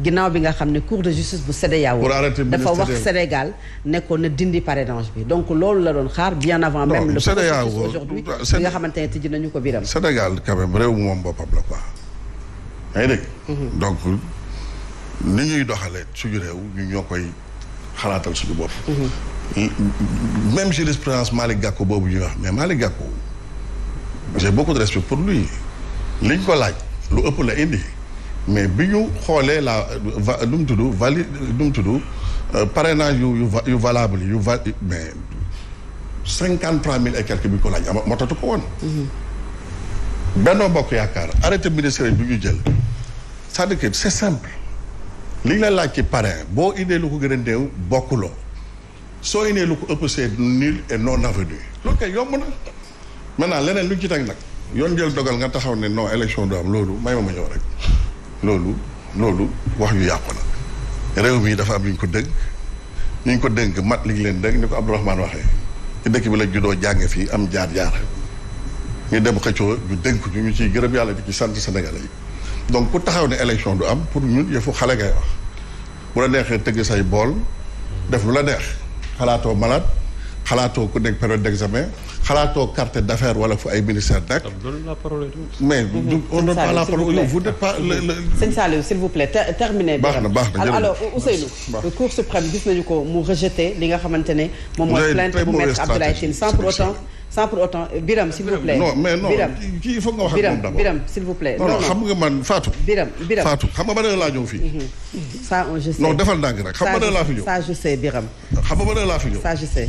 ginnaaw bi nga xam ne cour de justice bu CEDEAO dafa wax Sénégal ne ko na dindi parrainage bi donc loolu la doon xaar bien avant même le CEDEAO aujourd'hui bi nga xamante ne tëj nañu ko biram Sénégal quand même réew moom boppam la quoi yaa ngi dégg mhm. donc ni ñuy doxale suñu réew ñu ñoo koy xalaatal suñu bopp mhm. même jurisprudence Malick Gakou boobu ñuy wax mais Malick Gakou j'ai beaucoup de respect pour lui liñ ko laaj lu ëpp la indi mais bi ñu xoolee la va lu mu tudd vali lu mu tudd yu euh, yu yu yu va mais cinquante trois mille et quelque bi ko laaj ama moo tatu ko woon. Mm-hmm. Benno Bokk Yaakaar arrêté ministériel bu ñu jël sa à dire que c'est simple la laaj ci parrain boo indee lu ko gën a néew bokkuloo soo indee lu ko ëpp c'est nul et non avenu loolu kay yomb na maintenant leneen lu ñu ci teg nag yoon jël dogal nga taxaw ne non élection du am loolu may ma ma ñëw rek. loolu loolu wax yu yàqu la réew mi dafa am lu ñu ko dënk ñu ko dënk mat li ñu leen dënk ni ko Abdourahmane waxee ci dëkk bi la juddoo jànge fii am jaar-jaar ñu dem xëccoo ñu dënk ñu ñu ciy gërëb yàlla di ci sant Sénégalais yi donc ku taxaw ne élection du am pour ñun yëfu xale ngay wax bu la neexee tëgg say bool def lu la neex xalaatoo malade xalaatoo ku nekk période d' examen xalaatoo carte d' affaires wala fu ay ministère nekk. mais du on ne pas la parole vous n'êtes pas le le. sëñ Saliou s'il vous plaît terminé. baax na baax na jërëjëf alors Ousseynou. cour suprême gis nañu ko mu rejeté li nga xamante ne. moom mooy plainte bu maître Abdoulaye Tine sans pour autant. sans pour autant Biram s'il vous plaît. non mais non kii il faut nga wax ak moom d'abord Biram s'il vous plaît. non non xam nga man Fatou. Biram Biram Fatou xam nga ma ne laa ñëw fii. Mhm. ça je sais non defal ndànk rek. xam nga ma ne laa fi ñëw ça je sais Biram. xam nga ma ne laa fi ñëw ça je sais.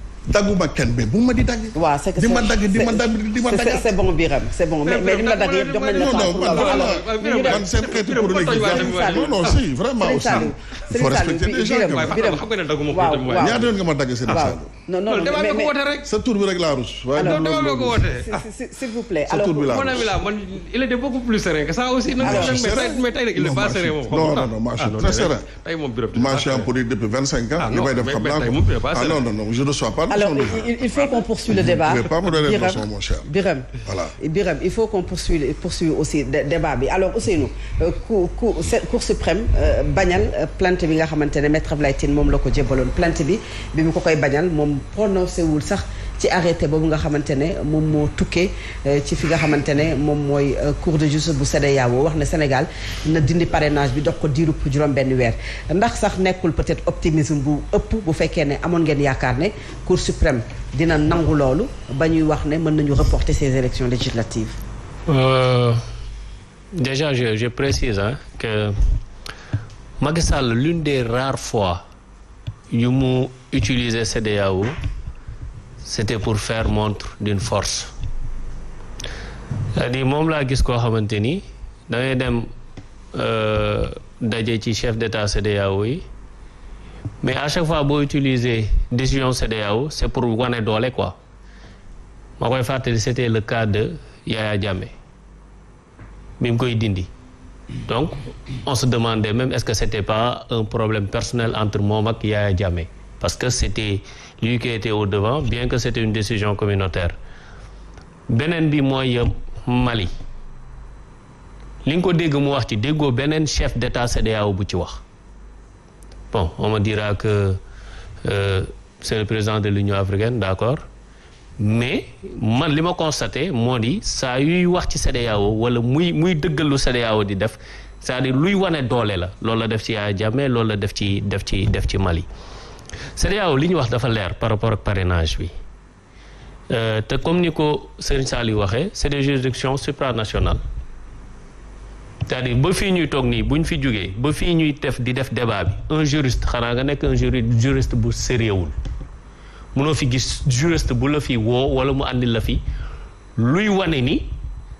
dagguma kenn mais bu ma di dagg. waaw c' est que di ma di ma dagg bon Birame c' bon mais mais li ma la. non non bi non non si vraiment aussi. ma dagg Serigne Saliou. non non mais sa tur bi rek laa rus. alors non s' il vous plaît. non non non moi je suis très serein. tey moom Birame depuis 25 ans ah, li may def xam naa non non non je ne reçois pas alors il, il faut qu'on poursuive le débat. vous ne pouvez pas me donner de leçon, mon cher. Birame voilà Birame il faut qu'on poursuive poursuive aussi débat bi alors Ousseynou cour euh, cour cour suprême euh, bañal euh, plainte bi nga xamante ne maître Ablaye Tine moom la ko jébbaloon plainte bi bi mu ko koy bañal moom prononcé wul sax. ci arrêté boobu nga xamante ne moom moo tukkee euh, ci fi nga xamante ne moom mooy euh, cour de justice bu CEDEAO wax ne Sénégal na dindi parrainage bi dox ko diirub juróom-benn weer ndax sax nekkul peut-être optimisme bu ëpp bu fekkee ne amoon ngeen yaakaar ne cour suprême dina nangu loolu ba ñuy wax ne mën nañu reporter ces élections législatives euh, déjà je je précise hein, fois yu utiliser CEDEAO c'était pour faire montre d'une force cest euh, moom laa gis koo xamante ni da dem euh, daje ci chef d'état CEDEAO yi mais à chaque fois boo utiliser décision CEDEAO c'est pour wane doole quoi ma koy fàttali c'était le cas de Yaya Jammeh bi koy dindi donc on se demandait même est-ce que c'était pas un problème personnel entre moom ak Yaya Jammeh parce que c'était lui qui était au devant bien que c'était une décision communautaire beneen bi mooy Mali li nga ko dégg mu wax ci déggoo beneen chef d'état CEDEAO bu ci wax bon on me dira que euh, c'est le président de l'Union africaine d'accord mais man li ma constaté moo di saa yuy wax ci CEDEAO wala muy muy dëggal lu CEDEAO di def cest dire luy wane doole la loolu la def ci Yaya Jammeh loolu la def ci def ci def ci Mali CEDEAO li ñu wax dafa leer par rapport ak parrainage bi euh, te comme ni ko Serigne Saliou waxee c'est des juridictions supranationales c'est-à-dire ba fii ñuy toog nii bu ñu fi jógee ba fii ñuy def di def débat bi un juriste xanaa nga nekk un juriste bu sérieuxul mënoo fi gis juriste bu la fi woo wala mu àndi la fi luy wane ni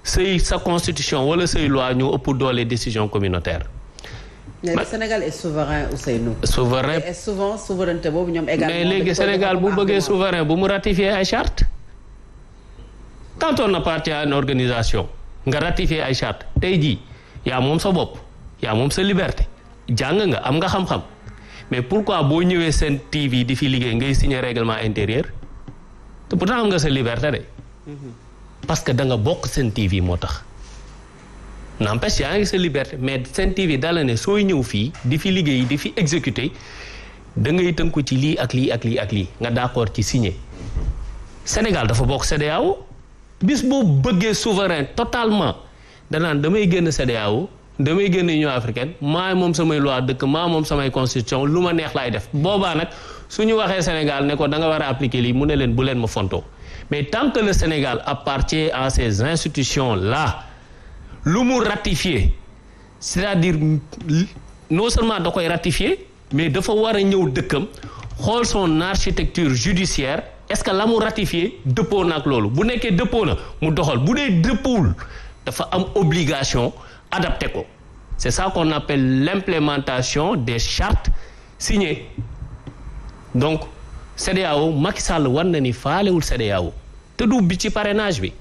say sa constitution wala say loi ñoo ëpp doole décision communautaire mais le Sénégal est souverain Ousseynou. souverain et boobu ñoom également. mais léegi Sénégal bu bëggee souverain bu mu ratifier ay charte quand on appartient à organisation nga ay charte tey jii yaa moom sa bopp yaa moom sa liberté jàng nga am nga xam-xam mais pourquoi boo ñëwee seen TV di fi liggéey ngay signé règlement intérieur te pourtant am nga sa liberté de. Mhm. parce que da nga bokk seen TV moo tax. n'empêche yaa ngi sa liberté mais Sen TV dala ne sooy ñëw fii di fi liggéey di fi exécuter da ngay ko ci lii ak lii ak lii ak lii nga d'accord ci signé Sénégal dafa bokk CEDEAO bis boo bëggee souverain totalement danaan damay génn CEDEAO damay génn Union africaine maa moom samay loi dëkk maa moom samay constitution lu ma neex laay def boobaa nag su ñu waxee Sénégal ne ko da nga war a appliquer lii mu ne leen bu leen ma fontoo mais tant que le lu mu ratifié c'est-à-dire non seulement da koy ratifié mais dafa war a ñëw dëkkam xool son architecture judiciaire est-ce que la mu ratifié dëppoo na loolu bu nekkee dëppoo na mu doxal bu dee dëppoowul dafa am obligation adapté ko c'est ça qu'on appelle l'implémentation des chartes signées donc CEDEAO Macky Sall war na ni faalewul CEDEAO te du bi ci parrainage bi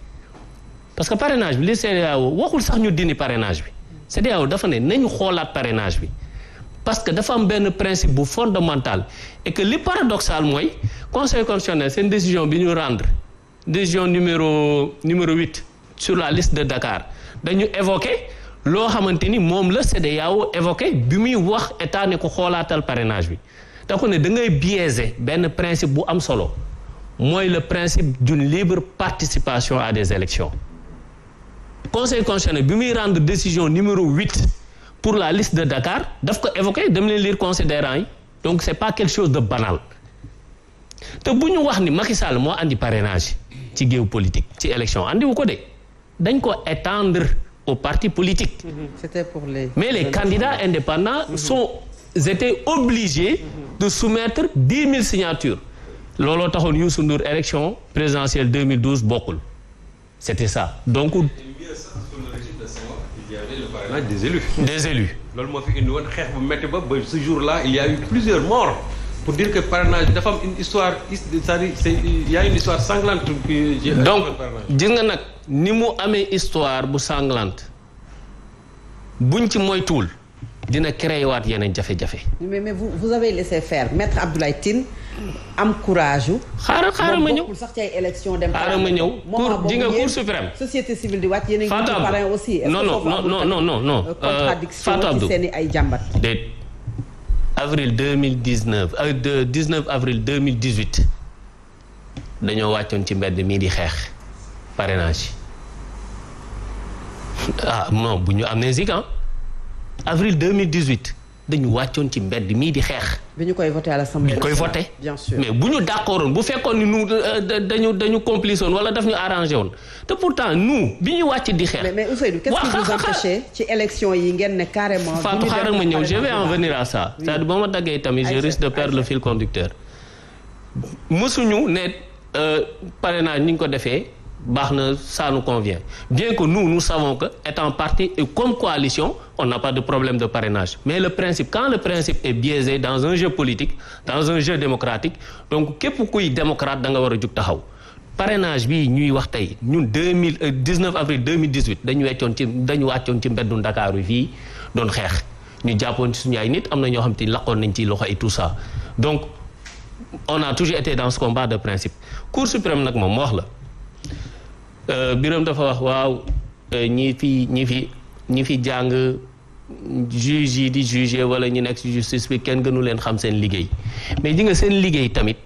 parce que parrainage bi li CEDEAO waxul sax ñu dini parrainage bi CEDEAO dafa ne nañu xoolaat parrainage bi parce que dafa am benn principe bu fondamental et que li paradoxal mooy conseil constitutionnel seen décision bi ñu rendre décision numéro numéro huit sur la liste de Dakar dañu évoqué loo xamante ni moom la CEDEAO évoqué bi muy wax état ne ko xoolaatal parrainage bi te ko ne dangay ngay benn principe bu am solo mooy le principe d'une libre participation à des élections conseil constitutionnel bi muy rend décision numéro huit pour la liste de Dakar daf ko évoqué dem leen lire considérant yi donc c'est pas quelque chose de banal te bu ñu wax ni Macky Sall moo andi parrainage ci géopolitique ci élection andiwu ko de dañ ko étendre au parti politique c'était pour les. mais les candidats indépendants sont étaient obligés de soumettre dix mille signatures looloo taxoon Youssou Ndour élection présidentielle 2012 bokkul. c'était ça donc. il y avait le parrainage des élus. des élus. loolu moo fi indi woon xeex bu métti ba ba ce jour-là il y a eu plusieurs morts pour dire que parrainage dafa am une histoire c'est-à-dire c'est il y a une histoire sanglante. donc gis nga nag ni mu amee histoire bu sanglante buñ ci moytuwul dina créer waat yeneen jafe-jafe. mais mais vous vous avez laissé faire maître Abdoulaye Tine. am courage. xaaral xaaral ma ñëw moom sax dem. xaaral ma ñëw cour ji nga cour société civile di wàcc yéen a ngi parrain aussi. non non non euh, non non euh, non. contradiction ci ay jàmbat. déet avril deux mille dix neuf euh, dix neuf avril deux mille dix huit dañoo wàccoon ci mbedd mii di xeex parrainage ah non bu ñu am ah avril deux mille dix dañu wàccoon ci mbedd mii di xeex. bi ñu koy vote à koy voté. bien sûr mais bu ñu d'accordoon bu fekkoon ni nous euh, dañu dañu complice woon wala daf ñu arrangé woon te pourtant nous bi ñu wàcc di xeex. mais mais Ousseydoue qu'est-ce qui yi ngeen ne carrément. Fatou xaaral ma ñëw je vais en venir à ça. oui ba ma daggee tamit je risque de perdre le fil conducteur. mësuñu ne euh, parrainage ni ñu ko defee. baax na ça nous convient bien que nous nous savons que étant parti et comme coalition on n'a pas de problème de parrainage mais le principe quand le principe est biaisé dans un jeu politique dans un jeu démocratique donc képp kuy démocrate da nga war a jug taxaw parrainage bi ñuy wax tey ñun 2019 euh, avril 2018 dañu weccoon ci dañu wàccoon ci mbeddu Ndakaaru fii doon xeex ñu jàppoon ci suñu ay nit am na ñoo xam te lakkoon nañ ci loxo et tout ça donc on a toujours été dans ce combat de nag moom moo wax la Euh, Biram dafa wax waaw euh, ñi fi ñi fi ñi fi jàng juge yi di juger wala ñu nekk ci justice bi kenn gënu leen xam seen liggéey mais ji nga seen liggéey tamit